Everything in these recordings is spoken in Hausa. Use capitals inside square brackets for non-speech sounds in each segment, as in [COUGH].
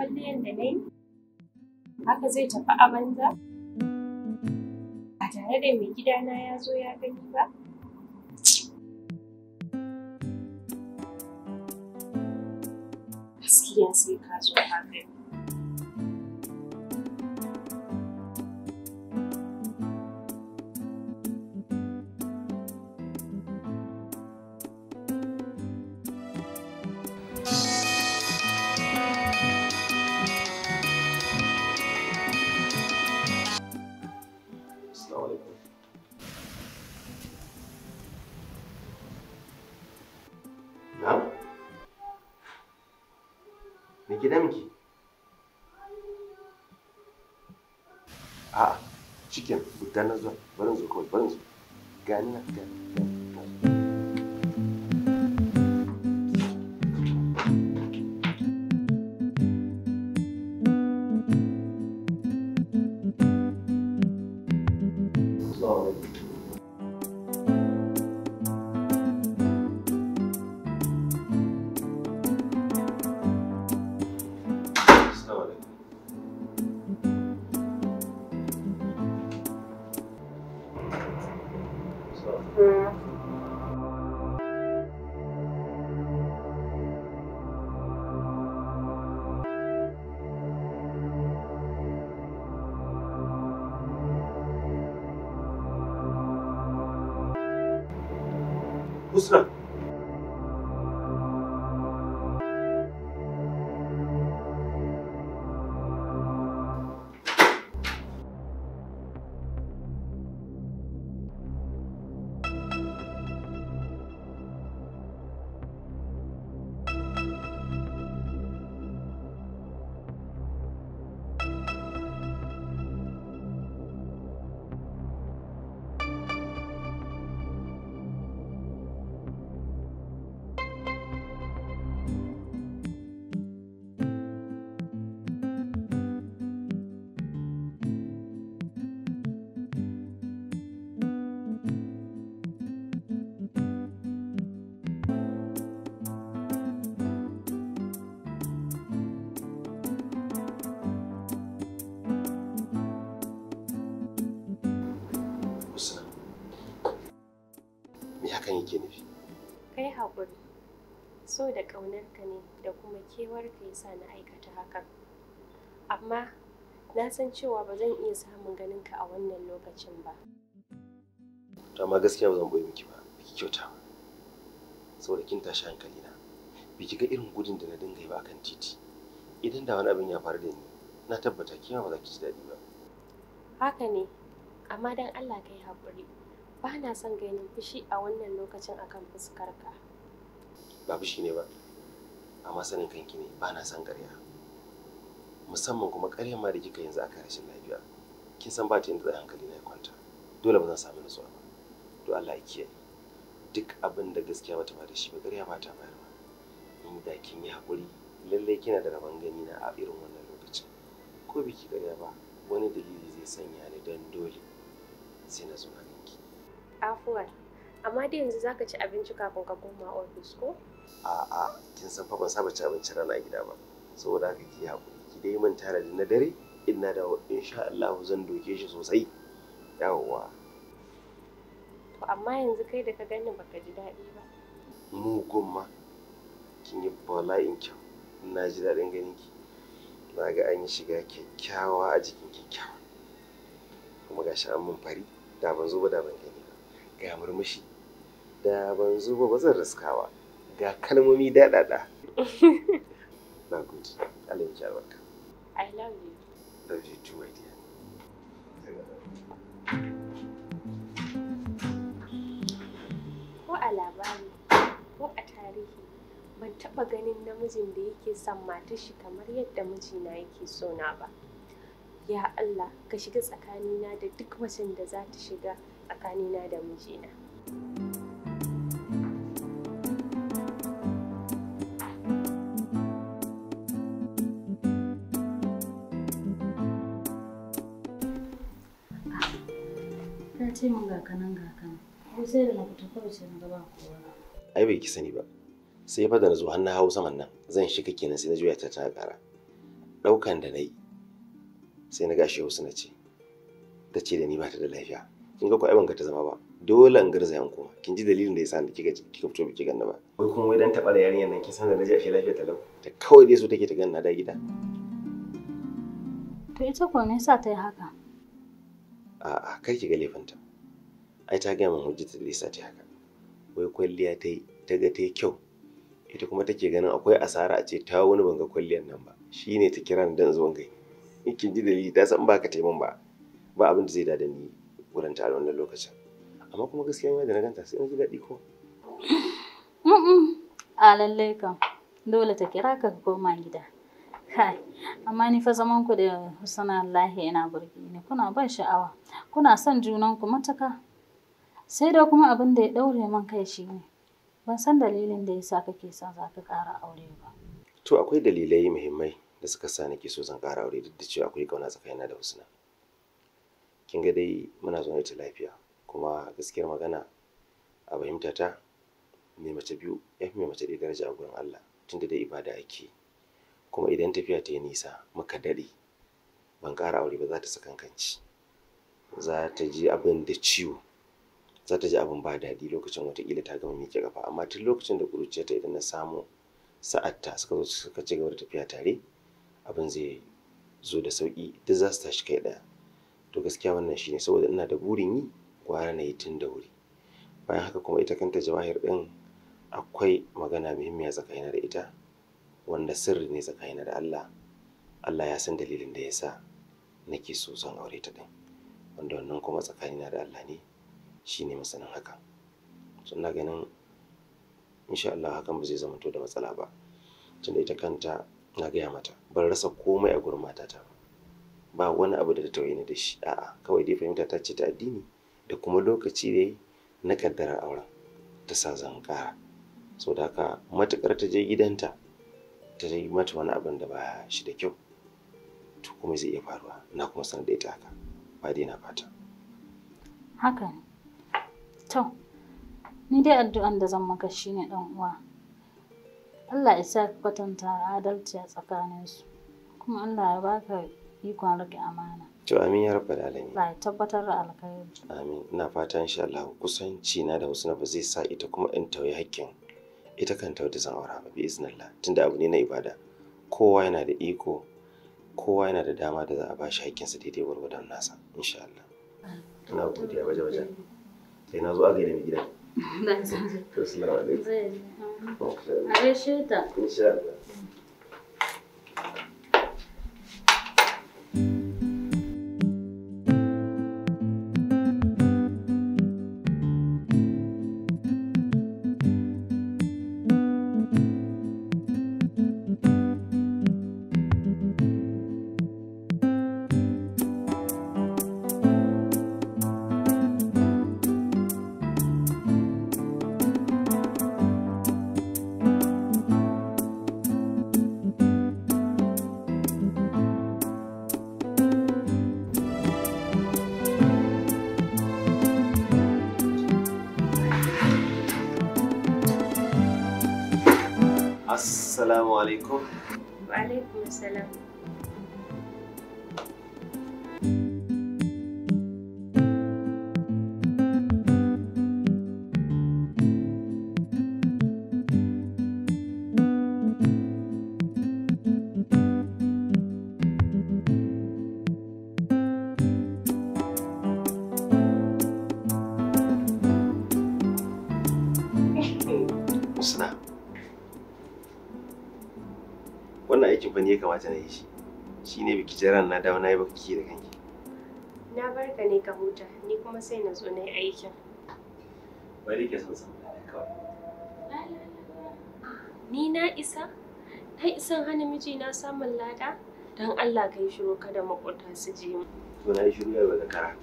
kwalliyan da na yi haka zai tafi a banza ba tare da mai na ya zo ya gani ba gaskiya sai ka zo ka gani mexicanos, ¿no? Mm-hmm. kewarka ya sa na aikata hakan amma na san cewa ba zan iya samun ganin ka a wannan lokacin ba to amma gaskiya ba zan boye miki ba biki kyauta saboda kin tashi hankali na biki ga irin gudun da na dinga yi ba akan titi idan da wani abin ya faru da ni na tabbata kima ba za ki ji daɗi ba haka ne amma dan Allah kai haƙuri ba na son ganin fushi a wannan lokacin akan fuskarka ba fushi ne ba amma sanin kanki ne ba na son ƙarya musamman kuma ƙarya ma da kika yanzu aka rashin lafiya kin san ba ta yadda hankali na ya kwanta dole ba zan samu nutsuwa ba to Allah ya kiyaye duk abin da gaskiya bata ba da shi ba ƙarya ba ta bayarwa in da kin yi haƙuri lallai kina da rabon gani na a irin wannan lokacin ko biki ƙarya ba wani dalili zai sanya ni dan dole sai na zo na ganki afuwa amma da yanzu zaka ci abinci kafin ka koma ofis ko a'a kin san fa ban saba ci abinci rana a gida ba saboda haka ki haƙuri ki dai manta tare da na dare ina da insha Allah zan doke shi sosai yawwa to amma yanzu kai da ka gani baka ji daɗi ba mugun ma kin yi bala'in kyau na ji daɗin ganin ki na ga an yi shiga kyakkyawa a jikin kyakkyawa kuma gashi an mun fari da ban zo ba da ban gani ba ga murmushi da ban zo ba ba zan riskawa da kalmomi daɗaɗa. [LAUGHS] Na gode. Allah ya I love you. Love you too, my dear. Ko a labari, ko a tarihi, ban taɓa ganin namijin da yake son matar shi kamar yadda mijina yake sona ba. Ya Allah, ka shiga tsakanina da duk macen da za ta shiga tsakanina da mijina. ce min ga kanan ga kanan. Ko sai da na kawai sai na kowa. Ai bai ki sani ba. Sai fa da na zo har na hau saman nan zan shiga kenan sai na juya ta ta kara Ɗaukan da na yi sai na gashi Hausa na ce. Ta ce da ni ba ta da lafiya. Kin ga ko ai ban ga ta zama ba. Dole in garza yan kuma. Kin ji dalilin da yasa ni kika kika fito biki ganna ba. Wai kuma wai dan taɓa da yarinyar nan kin san da naji a ashe lafiya ta lau. Ta kawai dai so take ta ganna da gida. To ita ko ne sa ta yi haka? A'a kai ki ga laifinta. ai ta gaya min hujjata da yasa ta haka wai kwalliya ta yi ta ga ta yi kyau ita kuma take ganin akwai asara a ce ta wani banga kwalliyar nan ba shine ta kira ni dan zuwan gai kin ji dalili ta san baka taimun ba ba abin da zai dada ni wurin tare wannan lokacin amma kuma gaskiya ma da na ganta sai in ji daɗi ko a lallai kam dole ta kira ka koma gida kai amma ni fa zaman ku da husana Allah yana burge ni kuna ban sha'awa kuna son junan ku mataka sai dai kuma abin da ya ɗaure man kai shi ne ban san dalilin da yasa kake son za ka ƙara aure ba to akwai dalilai muhimmai da suka sa nake so zan ƙara aure duk da cewa akwai ƙauna tsakanina da Husna kin ga dai muna zaune ta lafiya kuma gaskiyar magana a fahimta ta mai mace biyu ya fi mai mace ɗaya daraja a gurin Allah tunda dai ibada ake kuma idan tafiya ta yi nisa muka daɗe ban ƙara aure ba za ta sakankanci za ta ji abin da ciwo za ta ji abin ba daɗi lokacin watakila ta gama miƙe kafa amma tun lokacin da ƙuruciyarta idan na samu sa'atta suka zo suka ci gaba da tafiya tare abin zai zo da sauƙi duk za su tashi kai ɗaya to gaskiya wannan shine saboda ina da burin yi gwara na yi tun da wuri bayan haka kuma ita kanta jawahir ɗin akwai magana muhimmiya tsakanina da ita wanda sirri ne tsakanina da Allah Allah ya san dalilin da ya sa nake so son aure ta ɗin wanda wannan kuma tsakanina da Allah ne shi ne masanin haka na ganin insha Allah hakan ba zai zama da matsala ba tun da ita kanta na gaya mata ban rasa komai a gurin matata ba ba wani abu da ta tawaye ni da shi a'a kawai dai fahimta ta ce ta addini da kuma lokaci da na kaddarar auren ta sa zan sau da haka matukar ta je gidanta ta yi mata wani abin da ba shi da kyau to kuma zai iya faruwa na kuma sanar da ita haka ba dai na fata haka To, ni dai addu'an da zan maka shine ɗan uwa. Allah ya sa kwatanta adalci a tsakaninsu, kuma Allah ya baka ikon rage amana. To amin ya rabbal alamin. ba tabbatar da alkhairi. Amin. Ina fatan, insha Allah kusanci na da Husna ba zai sa ita kuma in tauye hakkin ita kan tauye zan aura ba bi iznillah tunda abu ne na ibada. Kowa yana da iko kowa yana da dama da za a bashi hakkinsa daidai gwargwadon nasa insha Allah. Ina godiya waje-wajen. sai na zo aka yi mai gidan. [LAUGHS] Na san. Zai. A gaishe ta. Insha Allah. alaikum. Wa alaikum salam. ba ne ya kamata na yi shi shi ne biki jiran na dawo na yi baki da kanki na bar ka ne ka huta ni kuma sai na zo na yi aikin bari ke son san kawai ni na isa na isan hana miji na samun lada don Allah ka yi shiru kada makwabta su ji mu to na yi shiru yau da kara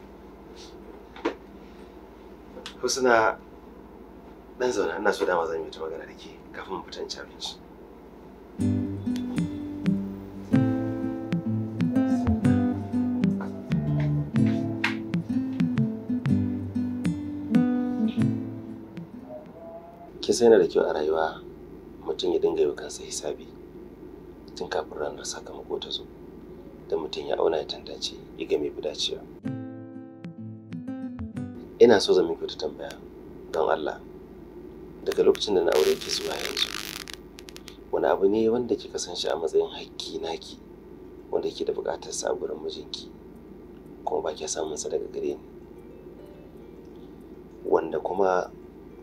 Husna dan zauna ina so dama zan yi ta magana da ke kafin mu fita abinci. Kisa sai yana da kyau a rayuwa mutum ya dinga yi kansa hisabi tun kafin ranar sakamako ta zo da mutum ya auna ya tantance ya ga mai dacewa ina so zan miki ta tambaya don Allah daga lokacin da na aure ki zuwa yanzu wani abu ne wanda kika san shi a matsayin hakki naki wanda ke da buƙatar sa gurin mijinki kuma ba ki samun sa daga gare ni wanda kuma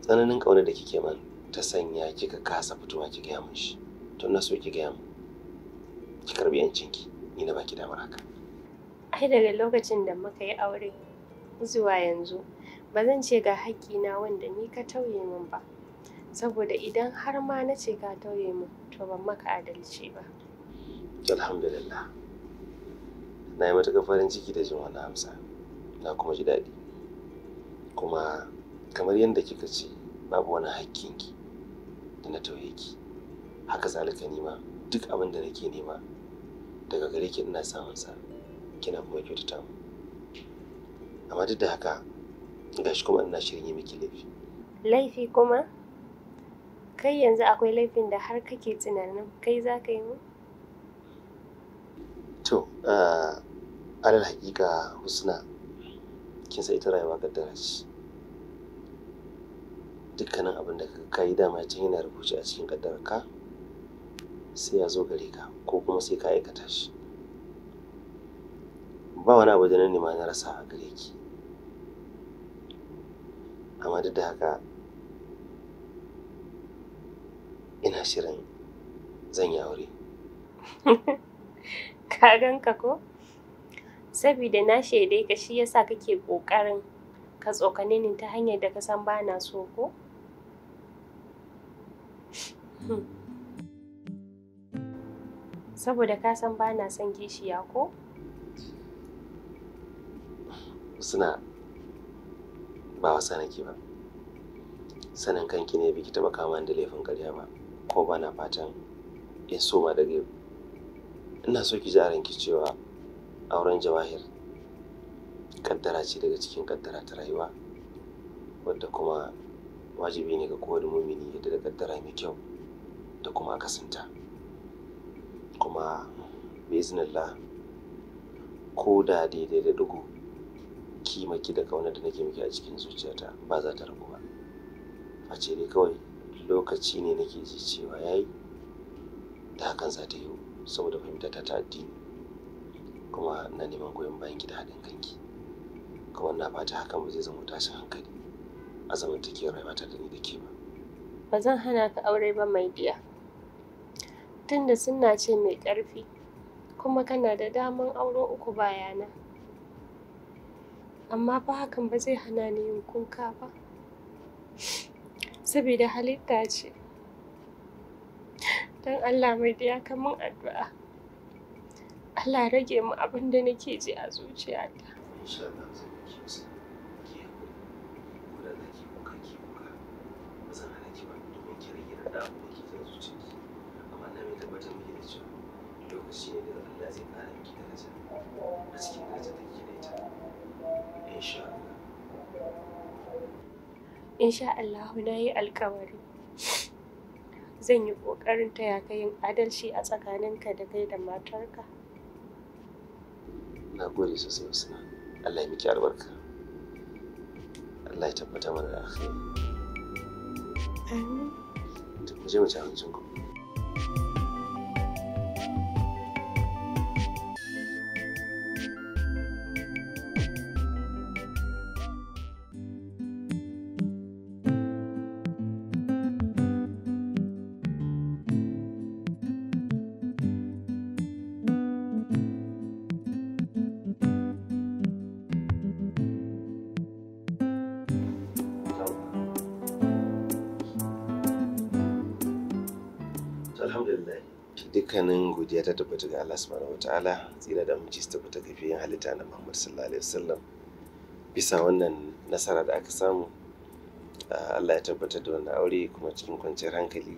tsananin ƙaunar da kike man ta sanya kika kasa fitowa ki gaya mun shi to na so ki gaya mun ki karbi ki ni na baki damar haka ai daga lokacin da muka yi aure zuwa yanzu ba zan ce ga haƙƙina wanda ni ka tauye min ba saboda idan har ma na ce ka tauye min to ban maka adalci ba alhamdulillah na yi matuƙar farin ciki da jin wannan amsa na kuma ji daɗi kuma kamar yadda kika ce babu wani hakkinki da na tauye ki haka zalika nima duk abin da nake nema daga gare ki ina samun sa kina kuma kyautata mu amma duk da haka gashi kuma ina shirin yi miki laifi laifi kuma kai yanzu akwai laifin da har kake tunanin kai za ka yi mu to ah, alal hakika husna kin san ita rayuwa kaddara ce dukkanin abin da ka yi dama can yana rubuce a cikin ƙaddararka sai ya zo gare ka ko kuma sai ka aikata shi ba wani abu da na nema na rasa a gare ki amma duk da haka ina shirin zan yi aure [LAUGHS] ka ganka ko saboda na shaidai ka shi yasa kake ƙoƙarin ka tsokane ni ta hanyar da ka san ba na so ko Saboda ka san ba na son kishiya ko? Suna ba wasa nake ba. Sanin kanki ne biki taɓa kama da laifin karya ba, ko ba na fatan in so ma daga yau. Ina so ki jaran ki cewa auren jawahir kaddara ce daga cikin kaddara ta rayuwa wadda kuma wajibi ne ga kowane mumini yadda da kaddara mai kyau. da kuma kasanta, kuma bezinillah ko da daidai da dugu kimaki da kauna da nake miki a cikin zuciyata ba za ta ragu ba a ce dai kawai lokaci ne nake ji cewa yayi da hakan za ta yiwu saboda fahimta ta addini kuma na neman goyon bayan ki da haɗin kanki kuma na fata hakan ba zai zama tashin hankali a zamantakewar rayuwata da ni da ke ba ba zan hana ka aure ba mai biya tunda suna ce mai ƙarfi kuma kana da daman auro uku bayana amma fa hakan ba zai hana ni yin kuka ba saboda halitta ce don Allah mai da ya kamun addu'a Allah rage mu abin da nake ji a zuciyata. insha Allah na yi alkawari zan yi ƙoƙarin taya ka yin adalci a tsakaninka da kai da matarka. Na gode sosai Usman. Allah ya miki albarka. Allah ya tabbata mana da alkhairi. Amin. Mu je mu ci ku. ta tabbata ga Allah subhanahu ta'ala tsira da aminci ta tabbata ga fiyin halitta na Muhammad sallallahu alaihi wasallam bisa wannan nasara da aka samu Allah ya tabbatar da wannan aure kuma cikin kwanciyar hankali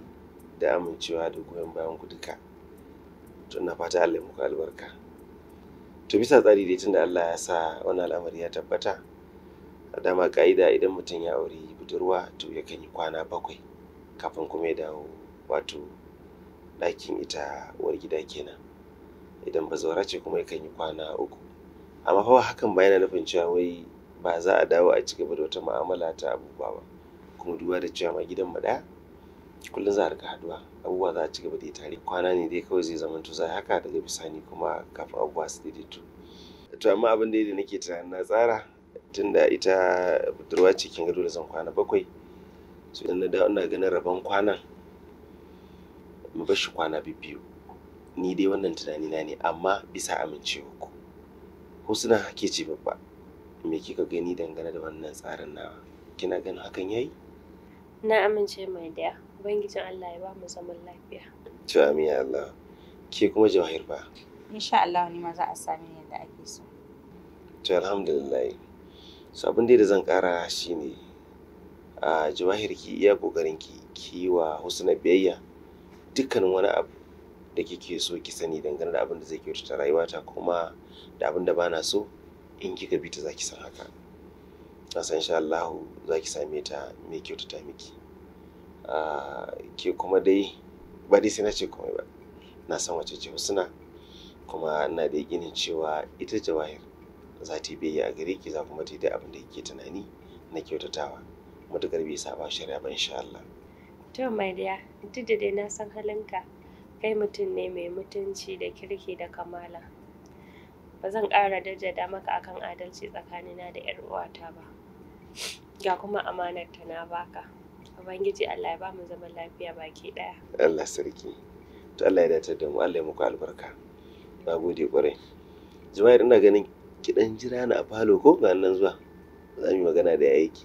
da amincewa da goyon bayan ku duka to ina fata Allah ya muku albarka to bisa tsari dai tunda Allah ya sa wannan al'amari ya tabbata a dama ka'ida idan mutum ya auri budurwa to yakan yi kwana bakwai kafin kuma ya dawo wato Dakin ita uwar gida kenan idan ba zaura ce kuma yakan yi kwana uku amma fa hakan ba yana nufin cewa wai ba za a dawo a cigaba da wata mu'amala ta abubuwa ba kuma duba da cewa ma gidan mu ɗaya kullum za a rika haduwa abubuwa za a cigaba gaba da tare kwana ne dai kawai zai zamanta, za haka daga bisani kuma kafin abubuwa su daidaito to amma abin da nake tunanin na tsara tunda ita budurwa ce kin ga dole zan kwana bakwai so na dawo ina ganin rabon kwanan mu bar shi kwana biyu ni dai wannan tunani na ne amma bisa amincewa ku husna ke ce babba me kika gani dangane da wannan tsarin nawa kina ganin hakan yayi na amince mai daya ubangijin Allah ya ba mu zaman lafiya to amin ya Allah ke kuma jawahir ba insha Allah ni ma za a sami yadda ake so to alhamdulillah so abin da zan kara shine a jawahir ki iya kokarin ki kiwa husna biyayya dukkan wani abu da kike so ki sani dangane da abin da zai kyautata rayuwata kuma da abin da bana so in kika bi ta zaki san haka na san insha Allah zaki same ta mai kyautata miki ah, ke kuma dai ba dai sai na ce komai ba na san wace ce husna kuma ina da yakinin cewa ita jawahir za ta yi a gare ki za kuma ta yi abin da kike tunani na kyautatawa matukar bai saba shari'a ba insha Allah To Maria, duk da dai na san halinka, kai mutum ne mai mutunci da kirki da kamala. Ba zan ƙara jaddada maka akan adalci tsakanina da 'yar uwata ba. Ga kuma amanar ta na baka. Ubangiji Allah ya ba mu zaman lafiya baki ɗaya. Allah sarki. To Allah ya dace da mu, Allah ya muku albarka. Na gode ƙwarai. Jama'a ina ganin kidan jira na a falo ko ga nan zuwa. Za mu yi magana da aiki.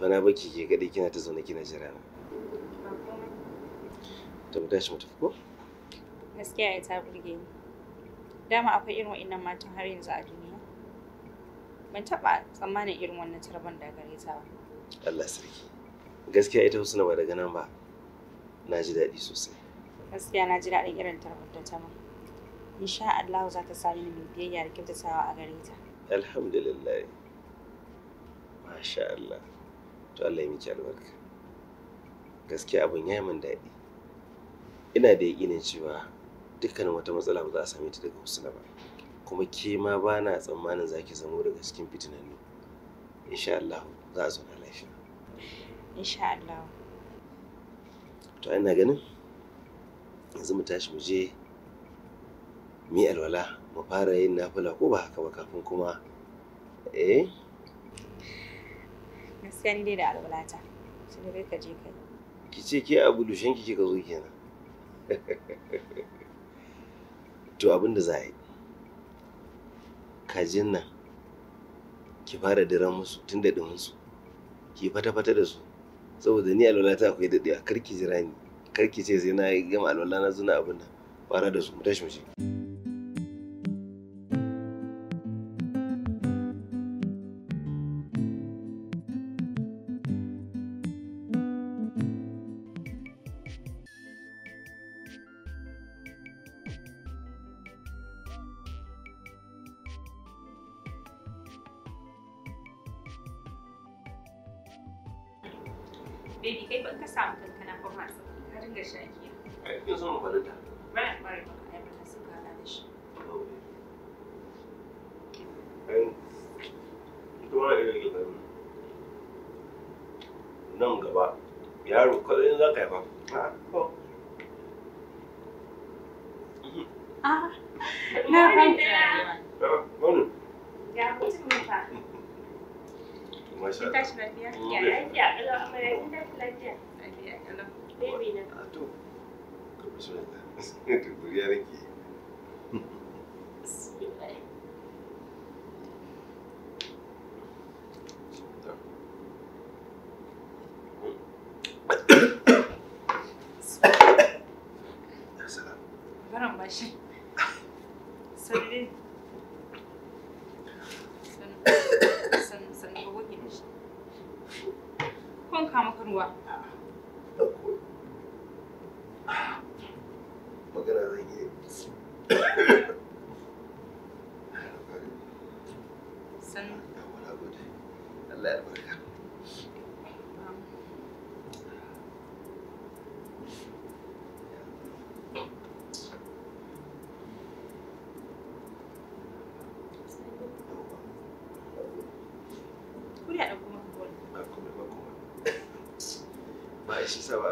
ni na baki ke kaɗai kina ta zaune kina jira na to mu tashi mu tafi ko gaskiya ya ta burge ni dama akwai irin wa'annan matan har yanzu a duniya ban taɓa tsammanin irin wannan tarban da gare ta ba Allah sarki gaskiya ita Husna ba daga nan ba na ji daɗi sosai gaskiya na ji daɗin irin tarbar da ta ma insha Allah za ta sami ni mai biyayya da kyautatawa a gare ta alhamdulillah masha Allah to Allah ya miki albarka gaskiya abin ya yi min daɗi ina da yaƙinin cewa dukkanin wata matsala ba za a same ta daga husna ba kuma ke ma ba na tsammanin za ki zamo daga cikin ne insha Allah za a zauna lafiya insha Allah to ina ganin yanzu mu tashi mu je mu yi alwala mu fara yin nafila ko ba haka ba kafin kuma eh gaskiya ni dai da alwalata shi ne ka je kai ki ce ke abu dushen ki kika zo kenan [LAUGHS] to abin da za a yi kajin nan ki fara diran musu tun da su ki fata-fata da su saboda ni alwalata akwai daɗewa kar ki jira ni kar ki ce sai na gama alwala na zuna abin nan fara da su mu tashi mu je. nan gaba yaro kawai za ka oh. ah. ah. [LAUGHS] ah, yi ba na fahimta wani ya Ya ya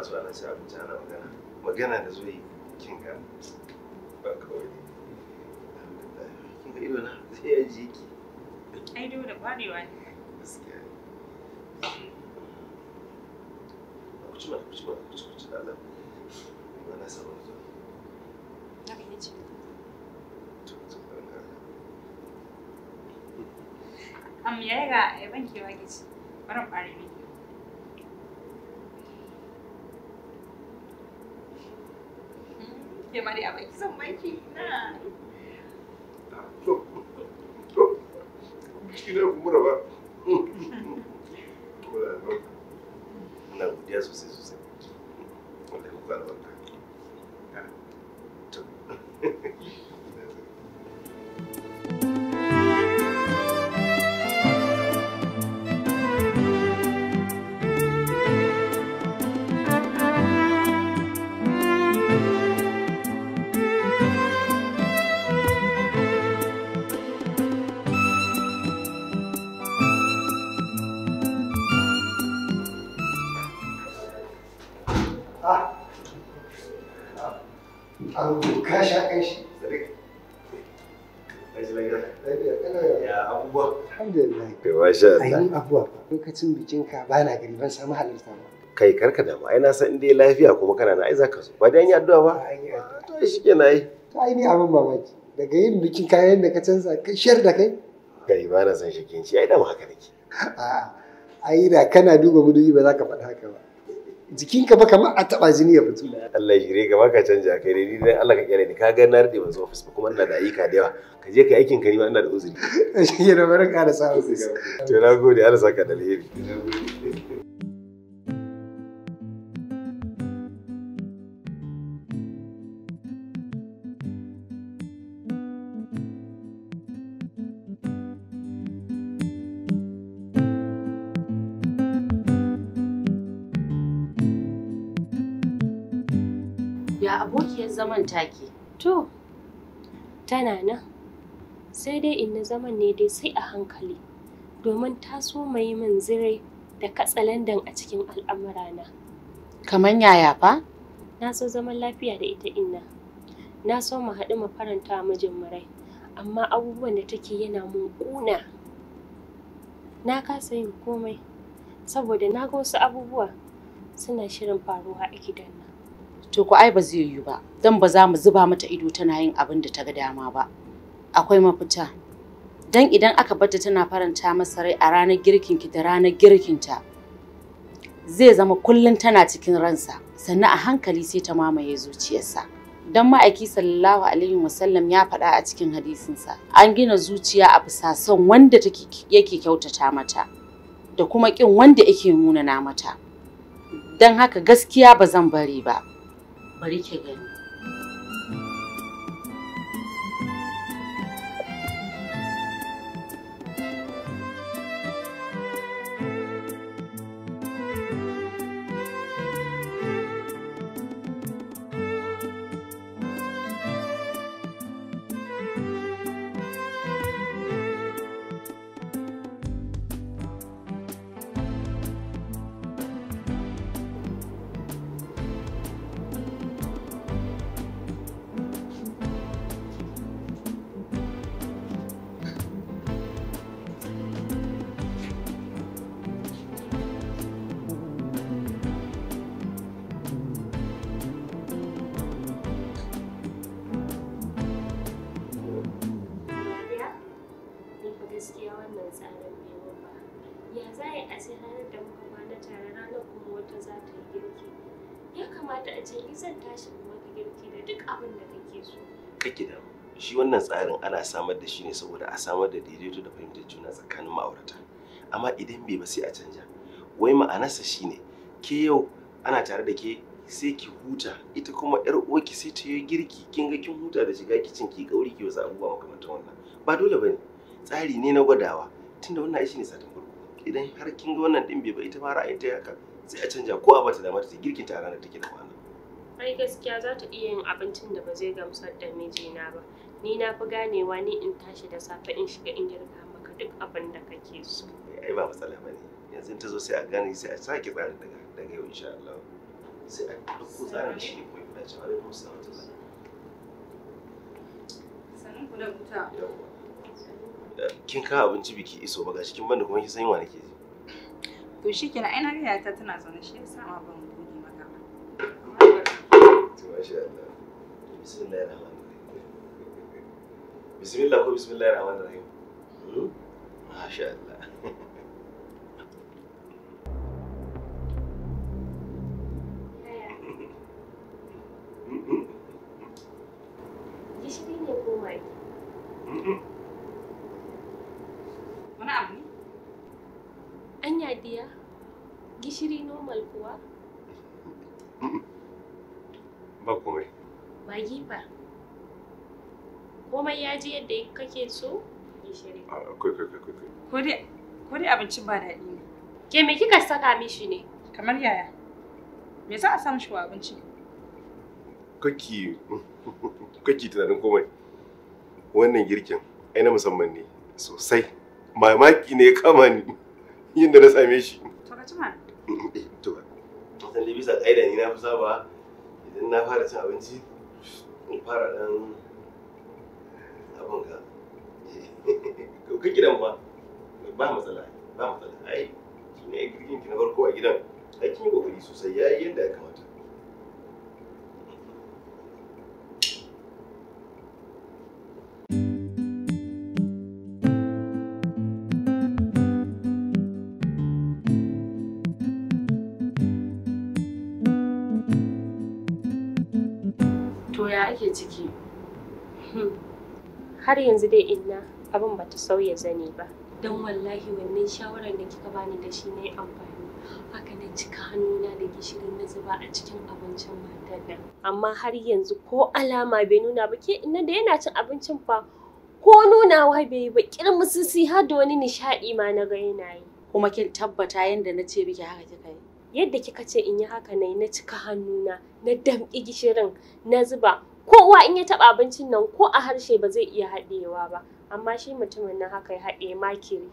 zuwa nan sai abuja ana magana magana da zuwa ba kawai ido na sai ya ji ki ai dole da kwarewa ne gaskiya da ba na samu zuwa na ci am ga ban kewa barin bare miki ke Maryam ki san baki na to to da ba na sosai sosai yin abuwa lokacin bikin ka ba na gari ban samu halarta ba kai karka da ma ina san inda ya lafiya kuma kana na ai zaka so ba dai an yi addu'a ba to shi ke na yi to ai ni abin mamaki daga yin bikin kayan da ka canza ka shiyar da kai kai ba na san shi ci ai da mu haka nake a'a ai da kana duba mudubi ba za ka faɗa haka ba jikinka ba kamar a taɓa jini ya fito Allah jire ga ka canja kai ne ni dai Allah ka kyale ni ka ga na rade ban office ba kuma ina da ayyuka da yawa ka je ka aikin ka ni ma ina da uzuri [LAUGHS] shi ne bari da sa'a to na gode Allah saka da alheri Ya abokiyar zaman take? To, tana nan. Sai dai inna zaman ne dai sai a hankali, domin ta so mai min zirai da katsalandan a cikin al'amurana. Kaman yaya fa? Na so zaman lafiya da ita inna. Na so mu haɗu mu faranta mijin mu amma abubuwan da take yana mun ƙuna. Na kasa yin komai, saboda na ga wasu abubuwa suna shirin faruwa a gidan nan. to ku ai ba zai yiwu ba don ba za mu zuba mata ido tana yin abin da ta ga dama ba akwai mafita don idan aka bata tana faranta masa rai a ranar girkin ki da ranar girkin ta zai zama kullum tana cikin ransa sannan a hankali sai ta mamaye zuciyarsa don ma'aiki sallallahu alaihi wasallam ya faɗa a cikin hadisinsa an gina zuciya a bisa son wanda yake kyautata mata da kuma ƙin wanda yake munana mata don haka gaskiya ba zan bari ba ભરી છે game yi sai ranar da muka kwana tare ranar kuma wata za ta yi girki ya kamata a ce zan tashi in maka girki da duk abin da kake so kake da shi wannan tsarin ana samar da shi ne saboda a samar da daidaito da fahimtar juna tsakanin ma'aurata amma idan bai ba sai a canja wai ma'anarsa ne, ke yau ana tare da ke sai ki huta ita kuma yar uwarki sai ta yi girki kin ga kin huta da shiga kicin ki kauri ki wasu abubuwa makamantan wannan ba dole bane tsari ne na gwadawa tunda wannan shi ne satin idan har kin ga wannan din bai ba ita ma ra'ayin ta haka sai a canja ko a bata dama ta girkin ta ranar take da wannan ai gaskiya za ta iya yin abincin da ba zai gamsar da mijina ba ni na fi ganewa ni in tashi da safe in shiga in girka maka duk abin da kake so ai ba matsala bane yanzu in ta zo sai a gane sai a sake tsari daga daga yau insha Allah sai a duk tsarin shi ko ina cewa da musamman ta sanin ku da mutum kin ka abinci biki iso ba gashi kin banda kuma kin san wani ke ji to shi shikenan ai na ga yata tana zaune shi yasa ma ban buɗe maka ba to masha Allah bismillahir rahmanir rahim bismillah ko bismillahir rahmanir rahim hmm? masha Allah biya gishiri normal kuwa ba komai yi ba komai ya ji yadda kake so gishiri ah, ko dai abincin ba daɗi ne ke me kika saka mishi ne kamar yaya me za a sa mishi wa abinci Kaki [LAUGHS] kaki tunanin komai wannan girkin ai na musamman ne sosai mamaki ne kama ni yadda na same shi to ka Eh, [COUGHS] to san dai bisa ƙa'ida ni na fi saba idan na fara cin abinci in fara dan abin ka ka gidan ba ba matsala ba matsala ai shi ne girkin ki na farko a gidan aikin yi kokari sosai yayi yadda ya kamata ake ciki? Hmm. Har yanzu dai inna abin ba ta sauya zane ba. Don wallahi wannan shawarar da kika bani da shi na yi amfani. Haka na cika hannuna da gishirin na zuba a cikin abincin matar nan. Amma har yanzu ko alama bai nuna ba ke inna da yana cin abincin fa ko nunawa bai yi ba kirmusisi har da wani nishaɗi ma na ga yana yi. Kuma kin tabbata yadda na ce biki haka kika yi. yadda kika ce in yi haka na na cika hannuna na damƙi gishirin na zuba ko uwa in ya taɓa abincin nan ko a harshe ba zai iya haɗewa ba amma shi mutumin nan haka ya haɗe makiri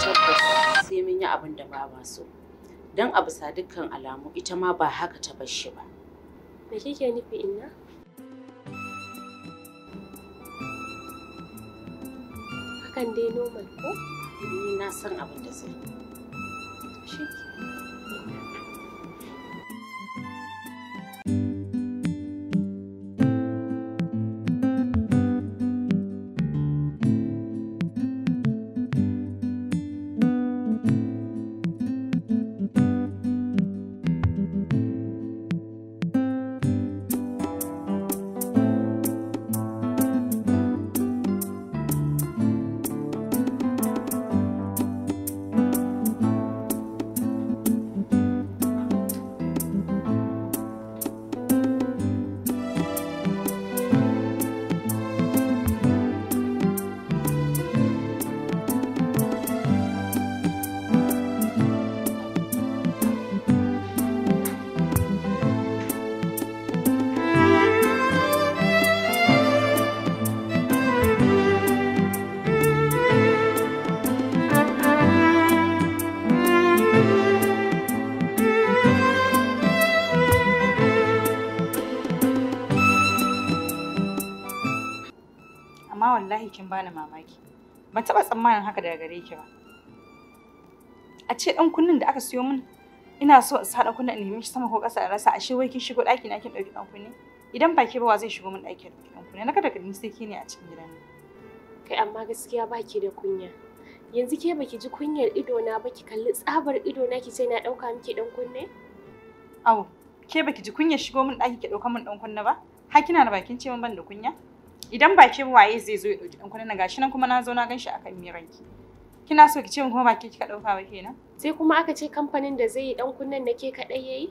tabbas sai mun yi abin da ba ba so don a bisa dukkan alamu ita ma ba haka ta bar shi ba me kike nufi inna hakan dai normal ko ni na san abin da zai yi wallahi kin bani mamaki. Ban taɓa tsammanin haka daga gare ki ba. A ce ɗan kunnin da aka siyo min ina so in saɗa kunnen in nemi shi sama ko ƙasa da rasa ashe wai kin shigo ɗaki na kin ɗauki ɗan kunne. Idan ba ke ba wa zai shigo min ɗaki da ɗan kunne. Na kada ka sai ke ne a cikin gidan nan. Kai amma gaskiya ba ki da kunya. Yanzu ke baki ji kunyar idona ba ki kalli tsabar idona ki ce na ɗauka miki ɗan kunne? awo ke baki ji kunyar shigo min ɗaki ki ɗauka min ɗan kunne ba? Har kina da bakin ce min ban da kunya? idan bakin waye zai zo ya ɗauki dan kuɗin gashi nan kuma na zo na gan shi akan miranki kina so ki ce kuma ba ke kika ɗauka ba kenan sai kuma aka ce kamfanin da zai yi kunnan kunnen nake kaɗai yayi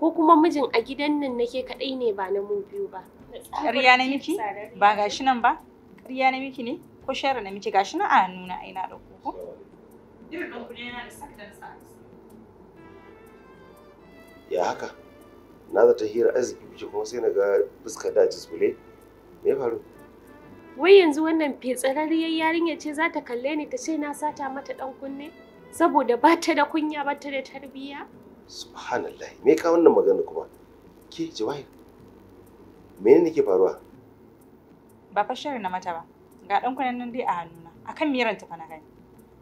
ko kuma mijin a gidan nan nake kaɗai ne ba na mu biyu ba ƙarya na miki ba gashi nan ba ƙarya na miki ne ko share na miki gashi nan a hannuna a na dauko ko irin dan kuɗi yana da sakatar sa ya haka na zata hira arziki kuma sai na ga fuskar da jisbule Me faru? Wai yanzu wannan fetsararriyar yarinya ce za ta kalle ni ta ce na sata mata ɗan kunne? Saboda ba ta da kunya ba ta da tarbiyya? Subhanallah, me ka wannan magana kuma? Ke Jawahir, menene ke faruwa? Ba fa shirin na mata ba. Ga ɗan kunnen nan dai a hannuna. Akan kan ta fa na gani.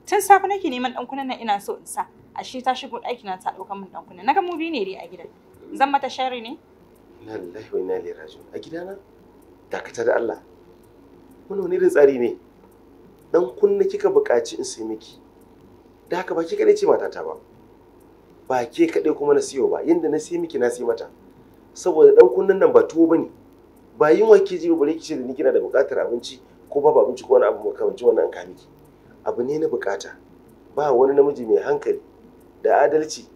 Tun safe nake neman ɗan kunnen nan ina so in sa. Ashe ta shigo na ta ɗauka min ɗan kunnen. Na ga mu ne dai a gidan. Zan mata shari ne? Lallahi wai na ilaihi raji'un. A gidana? dakata da Allah wani wani irin tsari ne dan kunna kika buƙaci in sai miki da haka ba kika kaɗai ce matata ba ba ke kaɗai kuma na siyo ba yadda na sai miki na sai mata saboda dan kunnen nan ba tuwo bane ba yin wake ji ba ce da ni kina da buƙatar abinci ko ba abinci ko wani abu makamancin wannan an ka miki abu ne na buƙata ba wani namiji mai hankali da adalci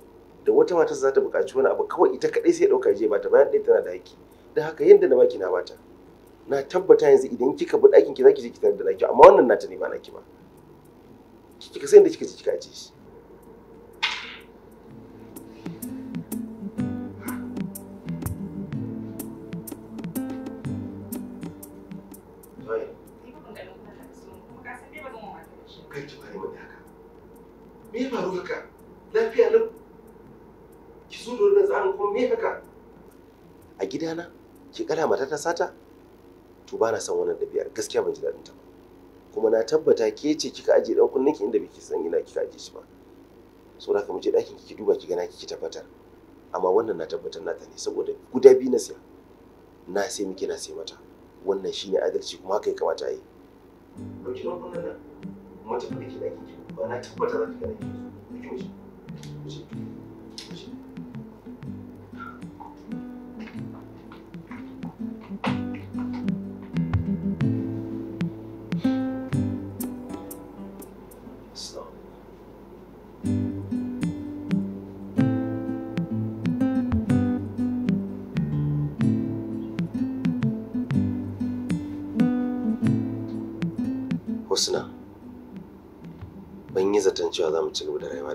da wata matar za ta buƙaci wani abu kawai ita kaɗai sai ya ɗauka je bata bayan ɗaya tana da haƙƙi don haka yadda na baki na bata na tabbata yanzu idan kika bi ɗakin ki zaki je ki tarar da naki amma wannan nata ne ba naki ba kika san da kika ji kika ajiye shi me ya faru haka lafiya nan ki zo da wannan tsarin kuma me haka a gidana ki kara mata ta sata to ba na son wannan ɗabi'ar gaskiya ban ji daɗin ta kuma na tabbata ke ce kika ajiye ɗan kunnen ki inda biki san ina kika ajiye shi ba so da mu je ɗakin ki duba ki gana kiki tabbatar amma wannan na tabbatar nata ne saboda guda biyu na siya na sai miki na sai mata wannan shine adalci kuma haka ya kamata a yi ba ɗakin ki ba na tabbata za ki gana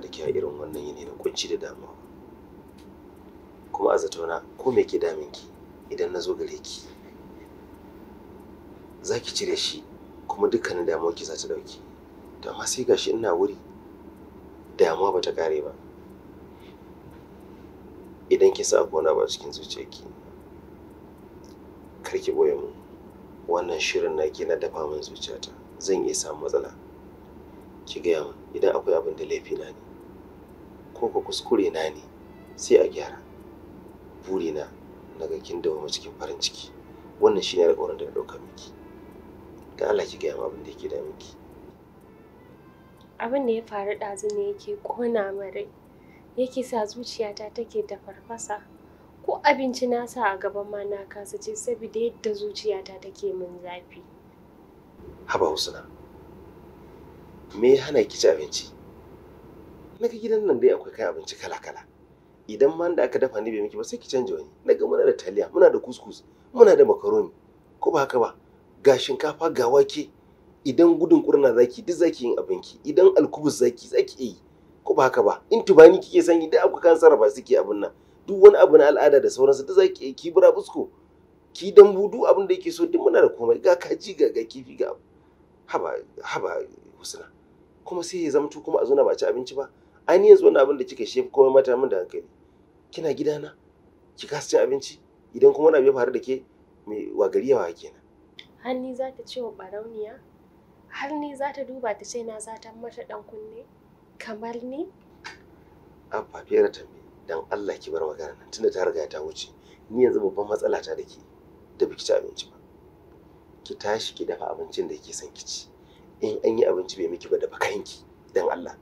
da ke a irin wannan yini na kunci da damuwa kuma a zatona ko me ke damin ki idan na zo gare ki za ki cire shi kuma dukkanin damuwa ki za ta dauki to amma sai gashi ina wuri damuwa ba ta kare ba idan ki sa gona ba cikin zuciyarki kar ki boye mu wannan shirin ki na dafa min zuciyata zan iya samu matsala ki gaya min idan akwai abin da laifi na ne ko ka kuskure na ne sai a gyara burina na ga kin dawo cikin farin ciki wannan shine alƙawarin da na ɗauka miki ga Allah ki gaya abin da yake da miki abin da ya faru ɗazu ne yake ƙona mare yake sa zuciyata take ta farfasa ko abinci na sa a gaban ma na kasa ce saboda yadda zuciyata take min zafi haba husna me ya hana ki ci abinci na ga gidan nan dai akwai kai abinci kala-kala idan ma da aka dafa ne bai miki ba sai ki canja wani na ga muna da taliya muna da kuskus muna da makaroni ko ba haka ba ga shinkafa ga wake idan gudun kurna zaki duk zaki yin abinki idan alkubus zaki zaki yi ko ba haka ba in tubani kike sanyi duk akwai kan sarrafa suke abin nan duk wani abu na al'ada da sauransu duk zaki yi ki bura busko ki dan budu abin da yake so duk muna da komai ga kaji ga ga kifi ga haba haba husna kuma sai ya zamto kuma a zo na ba ci abinci ba ainihin yanzu wani abin da kika shi komai mata min da hankali kina gidana ki kasa cin abinci idan kuma wani abu ya faru da ke mai wagari yawa kenan har ni za ta ce wa barauniya har ni za ta duba ta ce na zata mata dan kunne kamar ni abba fera tambi dan Allah ki bar magana nan tunda ta riga ta wuce ni yanzu babban matsala ta da ke da biki ta abinci ba ki tashi ki dafa abincin da ke son ki ci in an yi abinci bai miki ba da bakanki dan Allah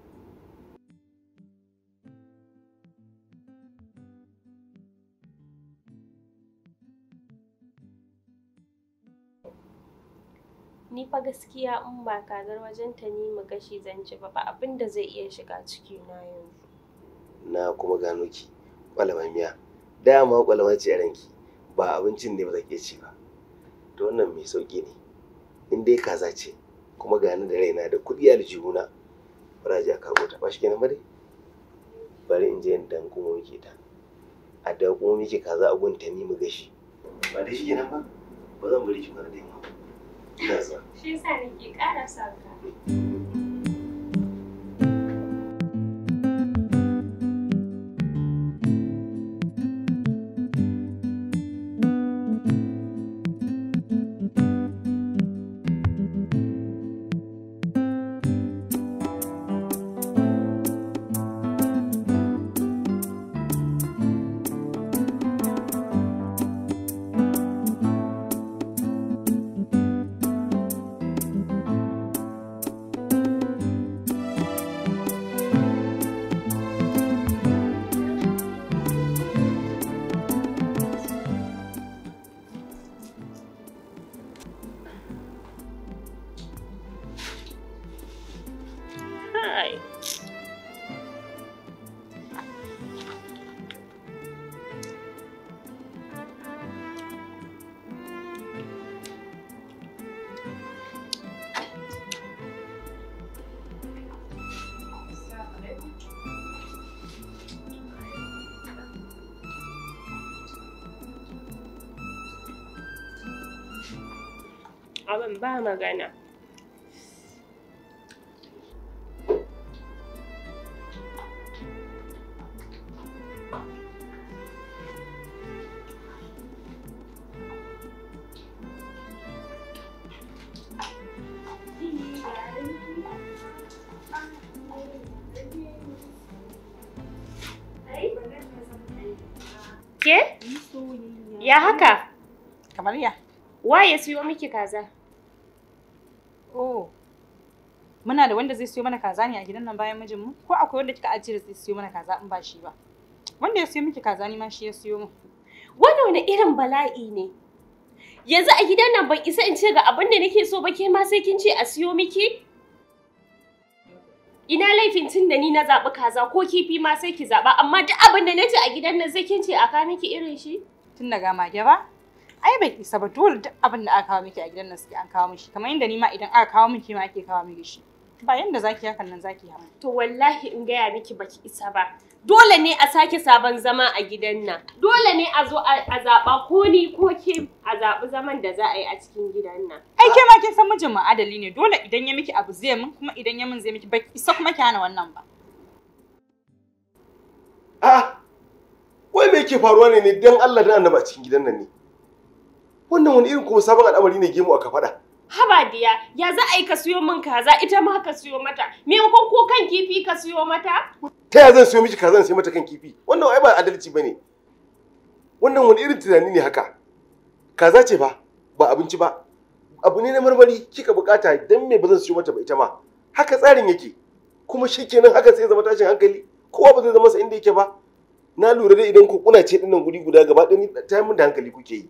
ni fa gaskiya in ba kazar wajen ta ni mu gashi zan ci ba ba abin da zai iya shiga ciki na yanzu na kuma gano ki kwalama dama kwalama ce ranki ba abincin ne ba zake ci ba to wannan mai sauki ne in dai kaza ce kuma gani da raina da kuɗi aljihuna bara ji a karɓo ta ba shi kenan ba dai bari in je in dan kuma miki ta a dan kuma miki kaza a gunta ni mu gashi ba dai shi kenan ba ba zan bari ki fara da yamma Shi yasa nake ƙara son ka. 啊，怎么呢？该 ya siyo miki kaza? Oh. Muna da wanda zai siyo mana kaza ne a gidan nan bayan mijinmu? Ko akwai wanda kika ajiye da zai siyo mana kaza in ba shi ba? Wanda ya siyo miki kaza ni ma shi ya siyo mu. Wannan wani irin bala'i ne? Yanzu a gidan nan ban isa in ce ga abin da nake so ba ke ma sai kin ce a siyo miki? Ina laifin tun da ni na zaɓi kaza ko kifi ma sai ki zaɓa amma duk abin da na ce a gidan nan sai kin ce a ka miki irin shi? Tun daga mage ba? ai bai isa ba dole duk abin da aka kawo miki a gidan nan sai an kawo miki kamar yadda ni ma idan aka kawo miki ma ake kawo miki shi ba yanda zaki hakan nan zaki hamu to wallahi in gaya miki baki isa ba dole ne a sake sabon zama a gidan nan dole ne a zo a zaba ko ni ko ke a zabi zaman da za a yi a cikin gidan nan ai ke ma kin san mijin mu adali ne dole idan ya miki abu zai min kuma idan ya min zai miki baki isa kuma ki hana wannan ba ah wai me yake faruwa ne ne dan Allah dan annaba cikin gidan nan ne wannan wani irin ko sabon al'amari ne gemu aka faɗa. Haba diya, ya za a yi ka siyo min kaza ita ma ka siyo mata. Maimakon ko kan kifi ka siyo mata? Ta ya zan siyo miki kaza sai mata kan kifi? Wannan ai ba adalci bane. Wannan wani irin tunani ne haka? Kaza ce ba, ba abinci ba. Abu ne na marmari kika bukata dan me ba zan siyo mata ba ita ma. Haka tsarin yake. Kuma shikenan haka sai zama tashin hankali. Kowa ba zai zama sa inda yake ba. Na lura da idan ku kuna ce dinnan guri guda gaba ɗaya ta yi da hankali kuke yi.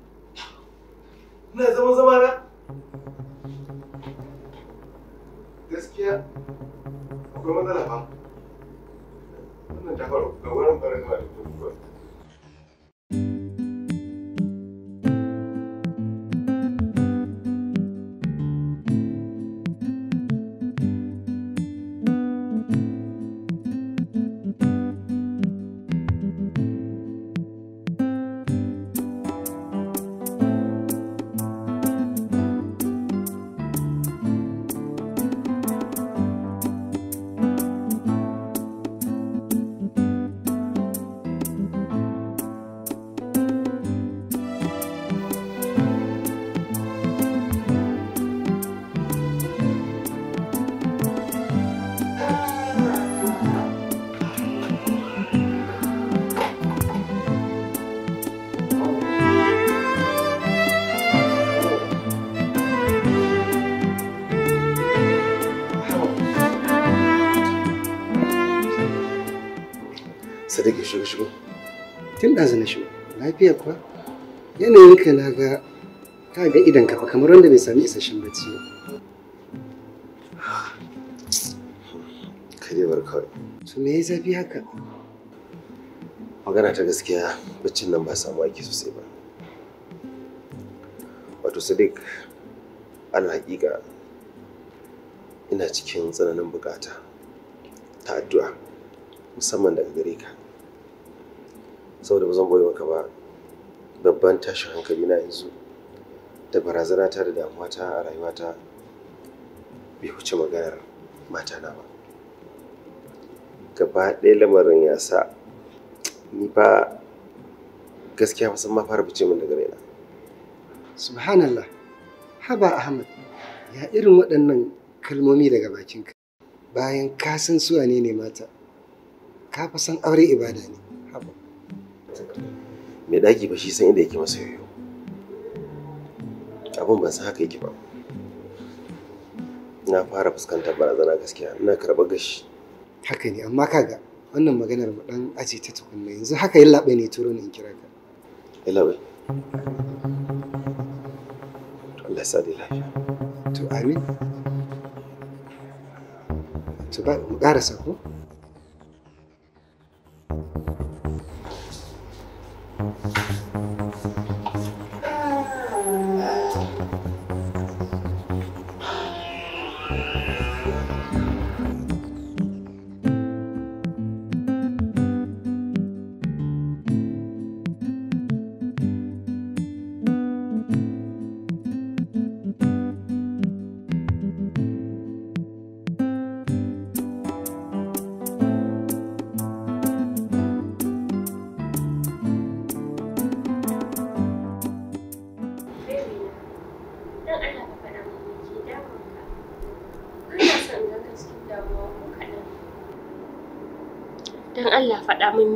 ina zama zama na gaskiya akwai matsala ba wannan ta faru ga wurin farin da ba da Sadiq ya shigo shigo. Tun ɗazu na shigo. Lafiya kuwa? ka na ga ka ga idan ka kamar wanda bai sami isasshen bacci ba. bar kawai. To me ya zafi haka? Magana ta gaskiya baccin nan ba samu aiki sosai ba. Wato ana hakika ina cikin tsananin bukata ta addu'a musamman daga gare ka. saboda ba zan boye maka ba babban tashin hankali na yanzu da barazana ta da damuwa ta a rayuwata bai wuce maganar na ba gaba ɗaya lamarin ya sa ni ba gaskiya ba san ma fara fice min daga raina subhanallah haba ahmad ya irin waɗannan kalmomi daga bakinka bayan ka san suwa ne mata ka fa san aure ibada ne mai ɗaki ba shi san inda yake masa yoyo abin ban san haka yake ba na fara fuskantar barazana gaskiya ina karɓar gashi haka ne amma kaga wannan maganar mu dan aje ta tukunna yanzu haka yalla bai ne turo ni in kira ka yalla bai Allah sa dai lafiya to amin to ba mu ƙarasa ko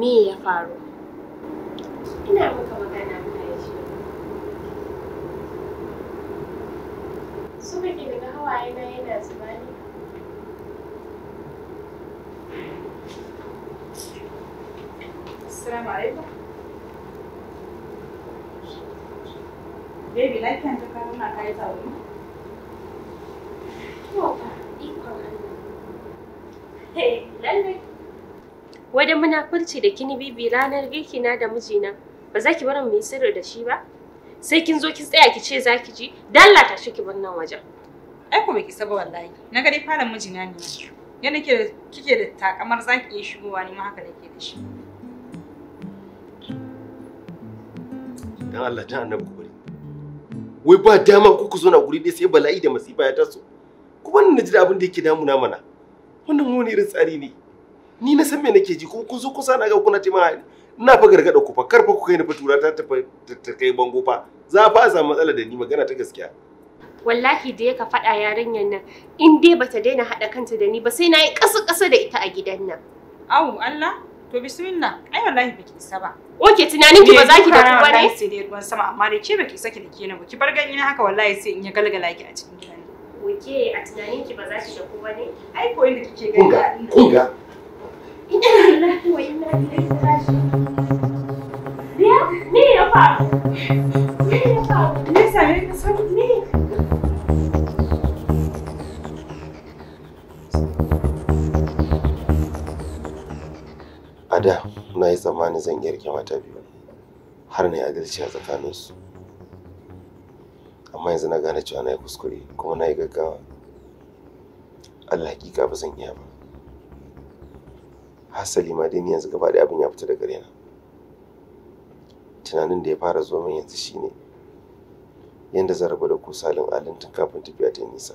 jamii ya Faru. munafurci da kini bibi ranar girki na da mijina ba za ki bar mu yi sirri da shi ba sai kin zo kin tsaya ki ce za ki ji dalla ta shi ki bar nan wajen ai kuma ki saba wallahi na ga dai fara mijina ne ya nake kike da takamar za ki iya shigowa ne ma haka nake da shi dan Allah dan annabi ku wai ba dama ku ku zo na guri ɗaya sai bala'i da masifa ya taso kuma na ji da abin da yake damuna mana wannan wani irin tsari ne ni na san me nake ji ko kun zo kusa na ga kuna tima ina fa gargada ku fa karfa ku kai ni fatura ta ta kai bango fa za fa za samu matsala da ni magana ta gaskiya wallahi da ya ka faɗa yarinyar nan in dai bata daina haɗa kanta da ni ba sai na yi ƙasa ƙasa da ita a gidan nan au Allah to bismillah ai wallahi baki isa ba oke tunanin ki ba za ki tafi ba ne sai dai ruwan sama amma dai ke baki saki da kenan ba ki bar gani na haka wallahi sai in ya galgala ki a cikin gidan oke a tunanin ki ba za ki da ba ne ai ko inda kike ga kun ga A da na yi tsammanin zan iya rike mata biyu har na yi adalci a tsakaninsu. Amma yanzu na gane cewa na yi kuskure kuma na yi gaggawa. Allah hakika ba zan iya ba. hasali ma dai ni yanzu gaba da abin ya fita daga raina tunanin da ya fara zo min yanzu shine yanda zan rabu da ku salin alin tun kafin tafiya ta nisa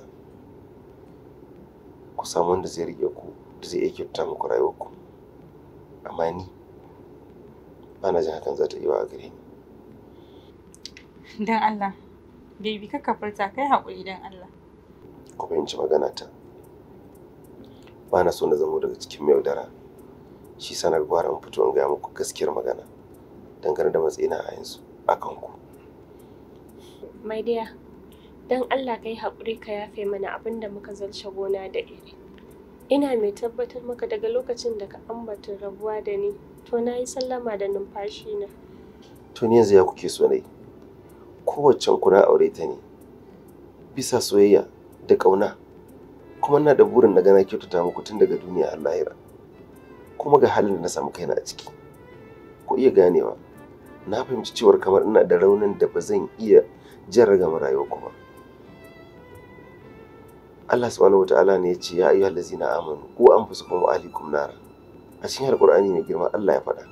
ku samu wanda zai rike ku da zai iya kyauta muku rayuwar ku amma ni ba na jin hakan za ta iya a gare ni dan Allah baby ka furta kai haƙuri dan Allah ku fahimci magana ta ba na so na zama daga cikin mai yaudara shi sanar gwara in fito in gaya muku gaskiyar magana dangane da matsayina a yanzu a kanku. Mai dear, don Allah ka yi haƙuri ka yafe mana abin da muka zarce gona da iri. Ina mai tabbatar maka daga lokacin da ka ambata rabuwa da ni, to na yi sallama da numfashi na. To ni yanzu ya kuke so na yi. kuna aure ta ne, bisa soyayya da ƙauna, kuma na da burin na gana kyautata muku tun daga duniya a lahira. kuma ga halin da na samu kaina a ciki ko iya ganewa na fahimci cewar kamar ina da raunin da ba zan iya jan ragama rayuwa kuma Allah subhanahu wata'ala ne ya ce ya ayyuhal ladzina amanu ku anfusukum wa ahlikum nara a cikin alqur'ani mai girma Allah ya faɗa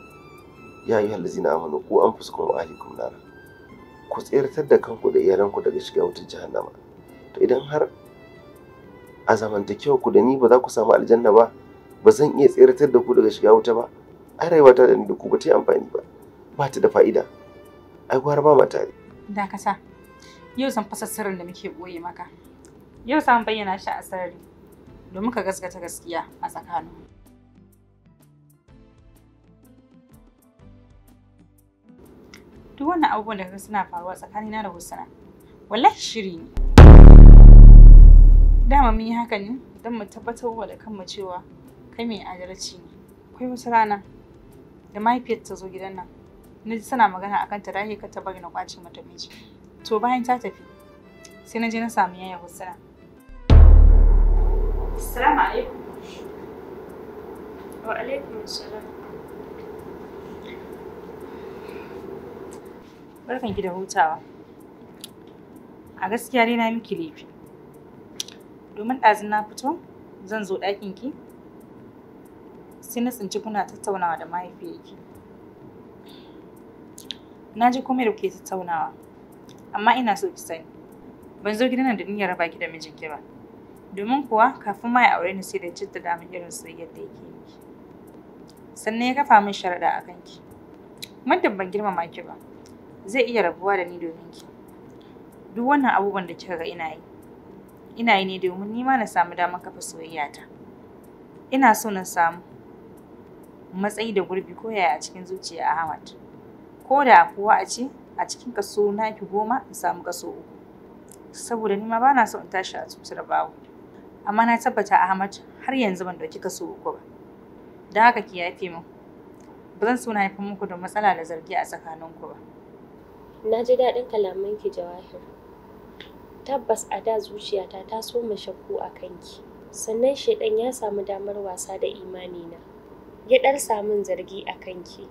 ya ayyuhal ladzina amanu ku anfusukum wa ahlikum nara ku tsirtar da kanku da iyalanku daga shiga wutar jahannama to idan har a zamantakewa ku da ni ba za ku samu aljanna ba ba zan iya tsiratar da ku daga shiga wuta ba ai rayuwata da ni da ku ba ta yi amfani ba ba ta da fa'ida ai gwara ba ma tare da ka sa yau zan fasa sirrin da muke boye maka yau zan bayyana shi a sarari domin ka gaskata gaskiya a tsakaninmu duk wannan abubuwan da kaga suna faruwa tsakanina da Husna wallahi shiri ne dama mun yi haka ne don mu tabbatar wa da kanmu cewa kai mai adalci ne akwai wata rana da mahaifiyar ta zo gidan nan na ji tana magana a akan ta dahi ta bari na kwace mata miji to bayan ta tafi sai na je na samu yaya wasu assalamu alaikum wa alaikum assalam barkan ki da hutawa a gaskiya dai na miki laifi domin ɗazun na fito zan zo ɗakin ki sai na tsinci kuna tattaunawa da mahaifiyarki na ji komai da kuke tattaunawa amma ina so ki sani ban zo gidan nan da niyyar raba ki da mijinki ba domin kuwa kafin ma ya aure ni sai da citta da irin soyayyar da yake miki sannan ya kafa min sharaɗa a kanki muddin ban girmama ki ba zai iya rabuwa da ni domin ki duk wannan abubuwan da kika ga ina yi ina yi ne domin ni ma na samu damar kafa soyayyata ina so na samu matsayi da gurbi ko yaya a cikin zuciya Ahmad. Ko da kuwa a ce a cikin kaso na ki goma in samu kaso uku. Saboda ni ma ba na so in tashi a tsutsar bawo. Amma na tabbata Ahmad har yanzu ban dauki kaso uku ba. dan haka ki yafe min. Ba zan so na haifar muku da matsala da zargi a tsakaninku ba. Na ji daɗin kalamanki Jawahir. Tabbas a da zuciyata ta so mu shakku a kanki. Sannan shaidan ya samu damar wasa da imanina. ya ɗan min zargi a kanki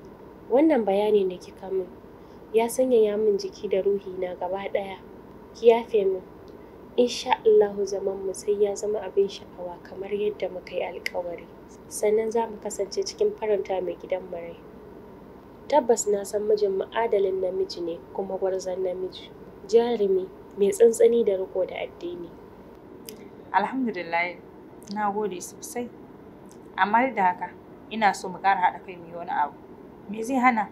wannan bayanin da kika min ya sanyaya min jiki da ruhi na gaba ɗaya ki yafe min insha Allahu zaman mu sai ya zama abin sha'awa kamar yadda muka yi alkawari sannan za mu kasance cikin faranta mai gidan mu tabbas na san mijin ma'adalin namiji ne kuma gwarzon namiji jarumi mai tsantsani da riko da addini alhamdulillah na gode sosai amma da haka ina so mu ƙara haɗa kai mu yi wani abu me zai hana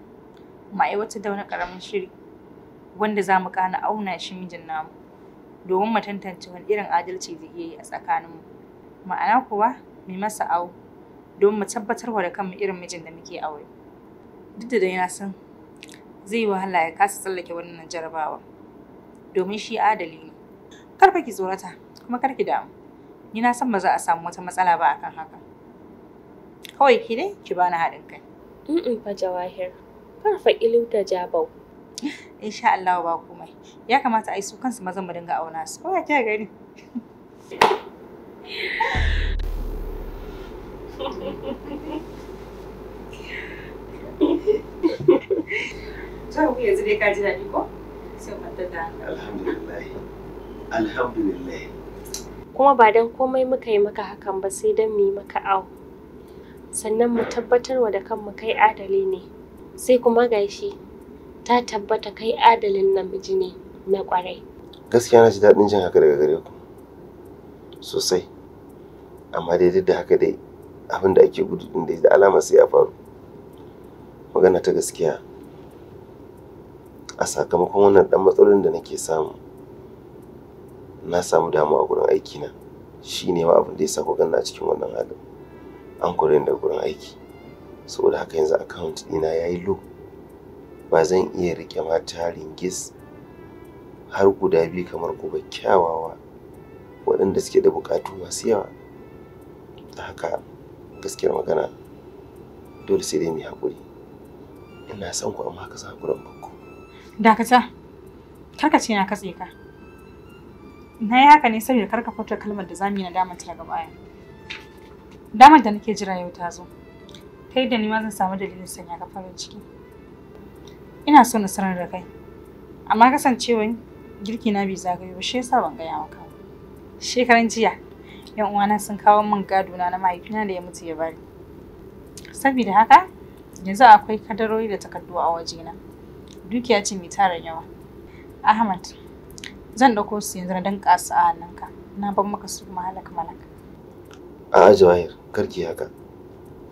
mu aiwatar da wani ƙaramin shiri wanda za mu ƙara auna shi mijin namu domin mu tantance wani irin adalci da iya yi a tsakaninmu ma'ana kuwa mu masa au, domin mu wa da kanmu irin mijin da muke aure duk da dai na san zai yi wahala ya kasa tsallake wannan jarabawa domin shi adali ne kar ki tsorata kuma kar damu ni na san ba za a samu wata matsala ba akan haka Kawai ki dai ki bani haɗin kai. Mm fa Jawahir. Karfa ilu ta jabau. [LAUGHS] Insha Allah ba komai. Ya kamata a yi su kansu mazan mu dinga auna su. Kawai kya gani. Jawu yanzu dai ka ji daɗi ko? Sai kwantar da Alhamdulillah. Alhamdulillah. Kuma ba dan komai muka yi maka hakan ba sai dan mu yi maka awo. sannan mu tabbatar wa da kanmu kai adali ne sai kuma gashi ta tabbata kai adalin namiji ne na kwarai gaskiya na ji daɗin jin haka daga gare ku sosai amma dai duk da haka dai abin da ake gudu din dai da alama sai ya faru magana ta gaskiya a sakamakon wannan ɗan matsalolin da nake samu na samu damuwa gurin aikina shi ne ma abin da ya sa ku ganna cikin wannan halin an kore da gurin aiki saboda haka yanzu account ɗina ya yi low ba zan iya riƙe mata ringis har guda biyu kamar gobe kyawawa waɗanda suke da buƙatu masu yawa da haka gaskiyar magana dole sai dai mu haƙuri ina son ku amma haka haƙurin bakku dakata ka ce na katse ka na yi haka ne saboda karka furta kalmar da zamu yi na damanta daga baya damar da nake jira yau ta zo ta da ni ma zan samu dalilin sanya ka farin ciki ina so na sanar da kai amma kasancewar girki na bai zagayo ba shi yasa ban gaya maka shekaran jiya yan uwana sun kawo min gado na na mahaifina da ya mutu ya bari saboda haka yanzu akwai kadarori da takardu a wajena dukiya ce mai tara yawa ahmad zan dauko su yanzu na danka su a hannunka na bar maka su kuma malak a'a jawahir karki haka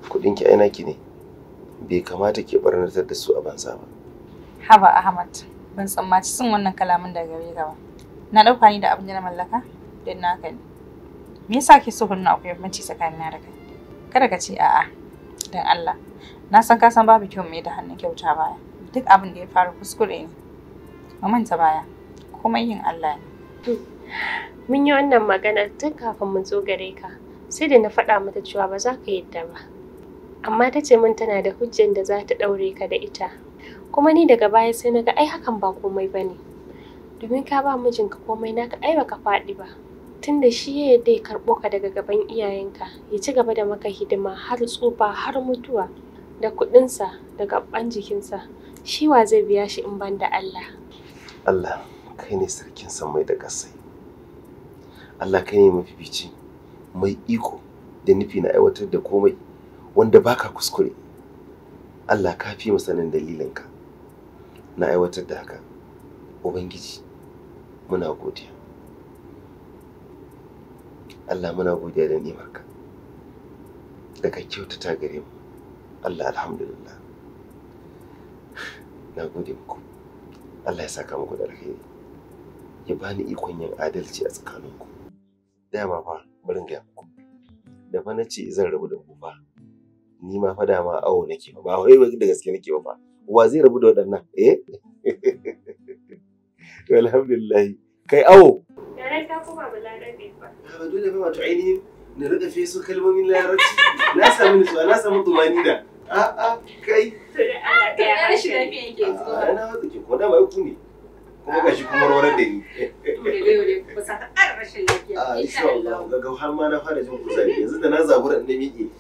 kudin ki aina ki ne bai kamata ki barnatar da su a banza ba haba ahmad ban tsammaci sun wannan kalamin daga gare ka ba na dauka ni da abin da na mallaka din naka ne me yasa ke so hannu akwai mace tsakanin na da kai kada ka ce a'a dan Allah na san ka san babu kyau mai da hannun kyauta baya duk abin da ya faru kuskure ne a manta baya Komai yin Allah ne mun yi wannan magana tun kafin mu zo gare ka sai da na faɗa mata cewa ba za ka yadda ba amma ta ce min tana da hujjan da za ta ɗaure ka da ita kuma ni daga baya sai na ga ai hakan ba komai ba ne domin ka ba mijinka komai na ka ai ka faɗi ba tunda shi ya yadda ya karɓo ka daga gaban iyayenka ya ci gaba da maka hidima har tsufa har mutuwa da kuɗinsa da gaban jikinsa shi wa zai biya shi in ban da Allah Allah kai ne sarkin samai da ƙasai Allah kai ne mafifici mai iko da nufi na aiwatar da komai wanda baka kuskure Allah ka fi sanin dalilinka na aiwatar da haka ubangiji muna godiya Allah muna godiya da nimarka da ka kyautata gare mu Allah alhamdulillah na gode muku Allah ya saka muku da alheri ya bani ikon yin adalci a tsakaninku dama ba. barin gaya muku da fa na ce zan rabu da ku ni ma fa ma awo nake ba wai da gaske nake ba fa wa zai rabu da waɗannan eh [LAUGHS] alhamdulillah kai awo yaran ta kuma ba larabe ba dole ba wato ne na rika su kalmomin larabci na samu nutsuwa na samu tumani da a'a kai to da Allah kai ya rashin lafiya yake zuwa na ke ko da ba ku ne kuma ga shi kuma rawar da ni a shi har ma na fara jin kuzari yanzu da na na miƙe